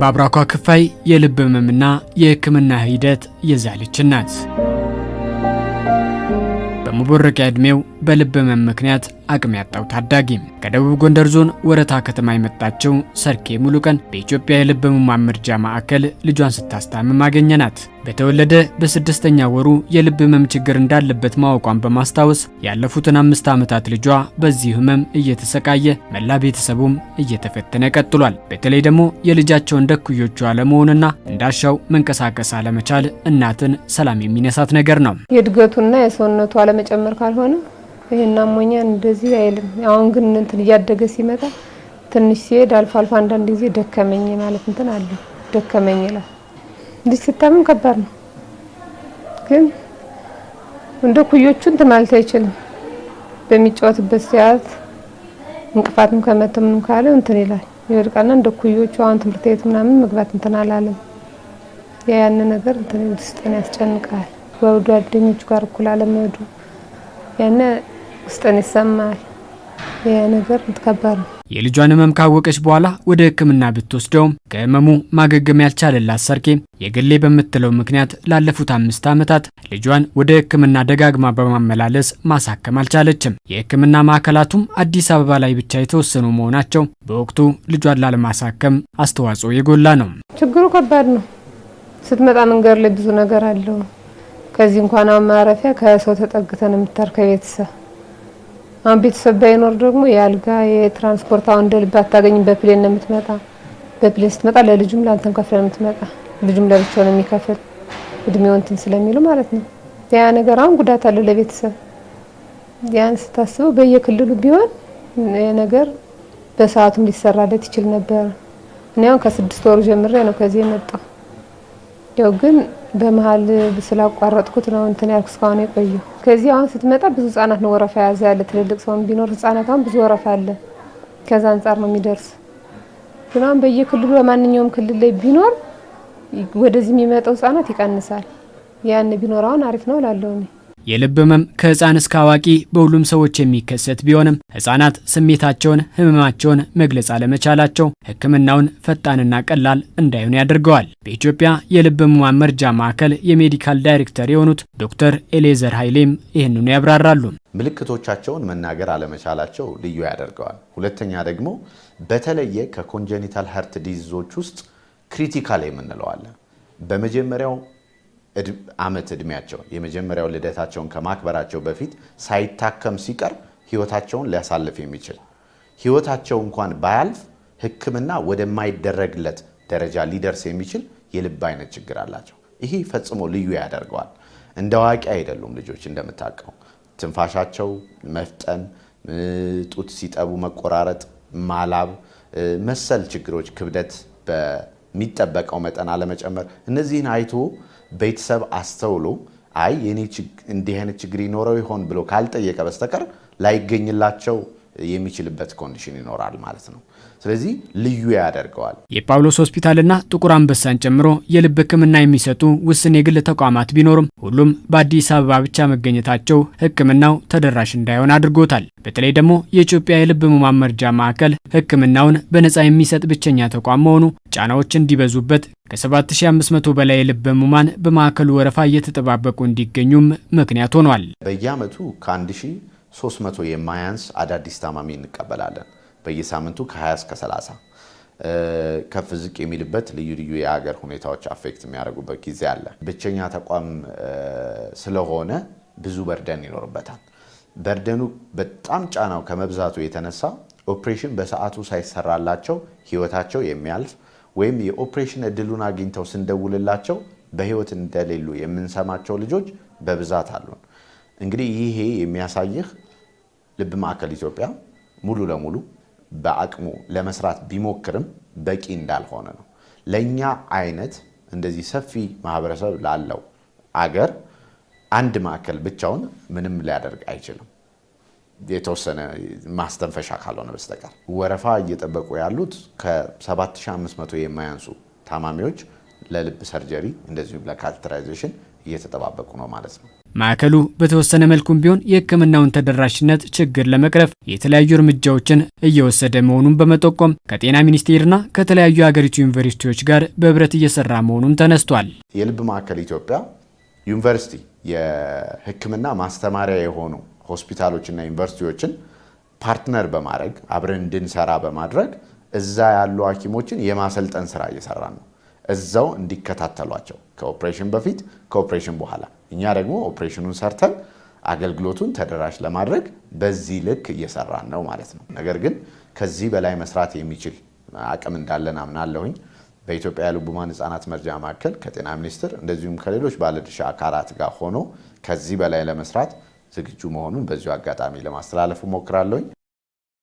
በአብራኳ ክፋይ የልብ ህመምና የህክምና ሂደት የዛለች ናት። በመቦረቂያ ዕድሜው በልብ ህመም ምክንያት አቅም ያጣው ታዳጊ ከደቡብ ጎንደር ዞን ወረታ ከተማ የመጣችው ሰርኬ ሙሉቀን በኢትዮጵያ የልብ ህሙማን መርጃ ማዕከል ልጇን ስታስታምም አገኘናት። በተወለደ በስድስተኛ ወሩ የልብ ህመም ችግር እንዳለበት ማወቋን በማስታወስ ያለፉትን አምስት ዓመታት ልጇ በዚህ ህመም እየተሰቃየ መላ ቤተሰቡም እየተፈተነ ቀጥሏል። በተለይ ደግሞ እንደ ደኩዮቹ አለመሆንና እንዳሻው መንቀሳቀስ አለመቻል እናትን ሰላም የሚነሳት ነገር ነው። የእድገቱና የሰውነቱ አለመጨመር ካልሆነ ይህን አሞኛ እንደዚህ አይልም። አሁን ግን እንትን እያደገ ሲመጣ ትንሽ ሲሄድ አልፎ አልፎ አንዳንድ ጊዜ ደከመኝ ማለት እንትን አለ ደከመኝ ይላል ልጅ ስታምም ከባድ ነው። ግን እንደ ኩዮቹን እንትን ማለት አይችልም። በሚጫወትበት ሰዓት እንቅፋትም ከመተ ምንም ካለ እንትን ይላል ይወድቃና እንደ ኩዮቹ አሁን ትምህርት ቤት ምናምን መግባት እንትን አላለም። ያ ያን ነገር እንትን ውስጥን ያስጨንቃል። ከጓደኞቹ ጋር እኩል አለመሄዱ ያነ ውስጥን ይሰማል። ያ ነገር ከባድ ነው። የልጇን ህመም ካወቀች በኋላ ወደ ህክምና ብትወስደውም ከህመሙ ማገገም ያልቻለላት ሰርኬ የግሌ በምትለው ምክንያት ላለፉት አምስት ዓመታት ልጇን ወደ ህክምና ደጋግማ በማመላለስ ማሳከም አልቻለችም። የህክምና ማዕከላቱም አዲስ አበባ ላይ ብቻ የተወሰኑ መሆናቸው በወቅቱ ልጇን ላለማሳከም አስተዋጽኦ የጎላ ነው። ችግሩ ከባድ ነው። ስትመጣ መንገድ ላይ ብዙ ነገር አለው። ከዚህ እንኳን ማረፊያ ከሰው ተጠግተን የምታርከ አሁን ቤተሰብ ባይኖር ደግሞ የአልጋ የትራንስፖርት አሁን እንደ ልብ አታገኝም። በፕሌን ነው የምትመጣ። በፕሌን ስትመጣ ለልጁም ለአንተም ከፍለ ነው የምትመጣ። ልጁም ለብቻው ነው የሚከፍል እድሜው እንትን ስለሚሉ ማለት ነው። ያ ነገር አሁን ጉዳት አለ ለቤተሰብ። ያን ስታስበው በየክልሉ ቢሆን ነገር በሰዓቱም ሊሰራለት ይችል ነበር። እኔ አሁን ከስድስት ወሩ ጀምሬ ነው ከዚህ የመጣው ያው ግን በመሀል ስላቋረጥኩት ነው እንትን ያልኩ እስካሁን የቆየው። ከዚህ አሁን ስትመጣ ብዙ ህጻናት ነው ወረፋ የያዘ ያለ። ትልልቅ ሰውም ቢኖር ህጻናት አሁን ብዙ ወረፋ አለ። ከዛ አንጻር ነው የሚደርስ። ግን አሁን በየክልሉ በማንኛውም ክልል ላይ ቢኖር ወደዚህ የሚመጣው ህጻናት ይቀንሳል። ያን ቢኖር አሁን አሪፍ ነው ላለው የልብ ህመም ከህፃን እስከ አዋቂ በሁሉም ሰዎች የሚከሰት ቢሆንም ህፃናት ስሜታቸውን፣ ህመማቸውን መግለጽ አለመቻላቸው ህክምናውን ፈጣንና ቀላል እንዳይሆን ያደርገዋል። በኢትዮጵያ የልብ ህሙማን መርጃ ማዕከል የሜዲካል ዳይሬክተር የሆኑት ዶክተር ኤሌዘር ኃይሌም ይህንኑ ያብራራሉ። ምልክቶቻቸውን መናገር አለመቻላቸው ልዩ ያደርገዋል። ሁለተኛ ደግሞ በተለየ ከኮንጀኒታል ሀርት ዲዚዞች ውስጥ ክሪቲካል የምንለዋለን በመጀመሪያው ዓመት ዕድሜያቸውን የመጀመሪያው ልደታቸውን ከማክበራቸው በፊት ሳይታከም ሲቀር ህይወታቸውን ሊያሳልፍ የሚችል ህይወታቸው እንኳን ባያልፍ ህክምና ወደማይደረግለት ደረጃ ሊደርስ የሚችል የልብ አይነት ችግር አላቸው። ይሄ ፈጽሞ ልዩ ያደርገዋል። እንደ አዋቂ አይደሉም ልጆች እንደምታውቀው ትንፋሻቸው መፍጠን፣ ጡት ሲጠቡ መቆራረጥ፣ ማላብ መሰል ችግሮች፣ ክብደት በሚጠበቀው መጠን አለመጨመር እነዚህን አይቶ ቤተሰብ አስተውሎ አይ የኔ እንዲህ አይነት ችግር ይኖረው ይሆን ብሎ ካልጠየቀ በስተቀር ላይገኝላቸው የሚችልበት ኮንዲሽን ይኖራል ማለት ነው። ስለዚህ ልዩ ያደርገዋል። የጳውሎስ ሆስፒታልና ጥቁር አንበሳን ጨምሮ የልብ ሕክምና የሚሰጡ ውስን የግል ተቋማት ቢኖርም ሁሉም በአዲስ አበባ ብቻ መገኘታቸው ሕክምናው ተደራሽ እንዳይሆን አድርጎታል። በተለይ ደግሞ የኢትዮጵያ የልብ ሕሙማን መርጃ ማዕከል ሕክምናውን በነፃ የሚሰጥ ብቸኛ ተቋም መሆኑ ጫናዎች እንዲበዙበት ከ7500 በላይ የልብ ህሙማን በማዕከሉ ወረፋ እየተጠባበቁ እንዲገኙም ምክንያት ሆኗል። በየአመቱ ከ1300 የማያንስ አዳዲስ ታማሚ እንቀበላለን። በየሳምንቱ ከ20 እስከ 30 ከፍ ዝቅ የሚልበት ልዩ ልዩ የሀገር ሁኔታዎች አፌክት የሚያደርጉበት ጊዜ አለ። ብቸኛ ተቋም ስለሆነ ብዙ በርደን ይኖርበታል። በርደኑ በጣም ጫናው ከመብዛቱ የተነሳ ኦፕሬሽን በሰዓቱ ሳይሰራላቸው ህይወታቸው የሚያልፍ ወይም የኦፕሬሽን እድሉን አግኝተው ስንደውልላቸው በህይወት እንደሌሉ የምንሰማቸው ልጆች በብዛት አሉን። እንግዲህ ይሄ የሚያሳይህ ልብ ማዕከል ኢትዮጵያ ሙሉ ለሙሉ በአቅሙ ለመስራት ቢሞክርም በቂ እንዳልሆነ ነው። ለእኛ አይነት እንደዚህ ሰፊ ማህበረሰብ ላለው አገር አንድ ማዕከል ብቻውን ምንም ሊያደርግ አይችልም። የተወሰነ ማስተንፈሻ ካልሆነ በስተቀር ወረፋ እየጠበቁ ያሉት ከ7500 የማያንሱ ታማሚዎች ለልብ ሰርጀሪ እንደዚሁም ለካትራይዜሽን እየተጠባበቁ ነው ማለት ነው። ማዕከሉ በተወሰነ መልኩም ቢሆን የሕክምናውን ተደራሽነት ችግር ለመቅረፍ የተለያዩ እርምጃዎችን እየወሰደ መሆኑን በመጠቆም ከጤና ሚኒስቴርና ከተለያዩ የሀገሪቱ ዩኒቨርሲቲዎች ጋር በህብረት እየሰራ መሆኑም ተነስቷል። የልብ ማዕከል ኢትዮጵያ ዩኒቨርሲቲ የሕክምና ማስተማሪያ የሆኑ ሆስፒታሎችና ዩኒቨርሲቲዎችን ፓርትነር በማድረግ አብረን እንድንሰራ በማድረግ እዛ ያሉ ሐኪሞችን የማሰልጠን ስራ እየሰራ ነው። እዛው እንዲከታተሏቸው ከኦፕሬሽን በፊት ከኦፕሬሽን በኋላ፣ እኛ ደግሞ ኦፕሬሽኑን ሰርተን አገልግሎቱን ተደራሽ ለማድረግ በዚህ ልክ እየሰራን ነው ማለት ነው። ነገር ግን ከዚህ በላይ መስራት የሚችል አቅም እንዳለን አምናለሁኝ። በኢትዮጵያ የልብ ህሙማን ህጻናት መርጃ ማዕከል ከጤና ሚኒስቴር እንደዚሁም ከሌሎች ባለድርሻ አካላት ጋር ሆኖ ከዚህ በላይ ለመስራት ዝግጁ መሆኑን በዚሁ አጋጣሚ ለማስተላለፍ ሞክራለሁኝ።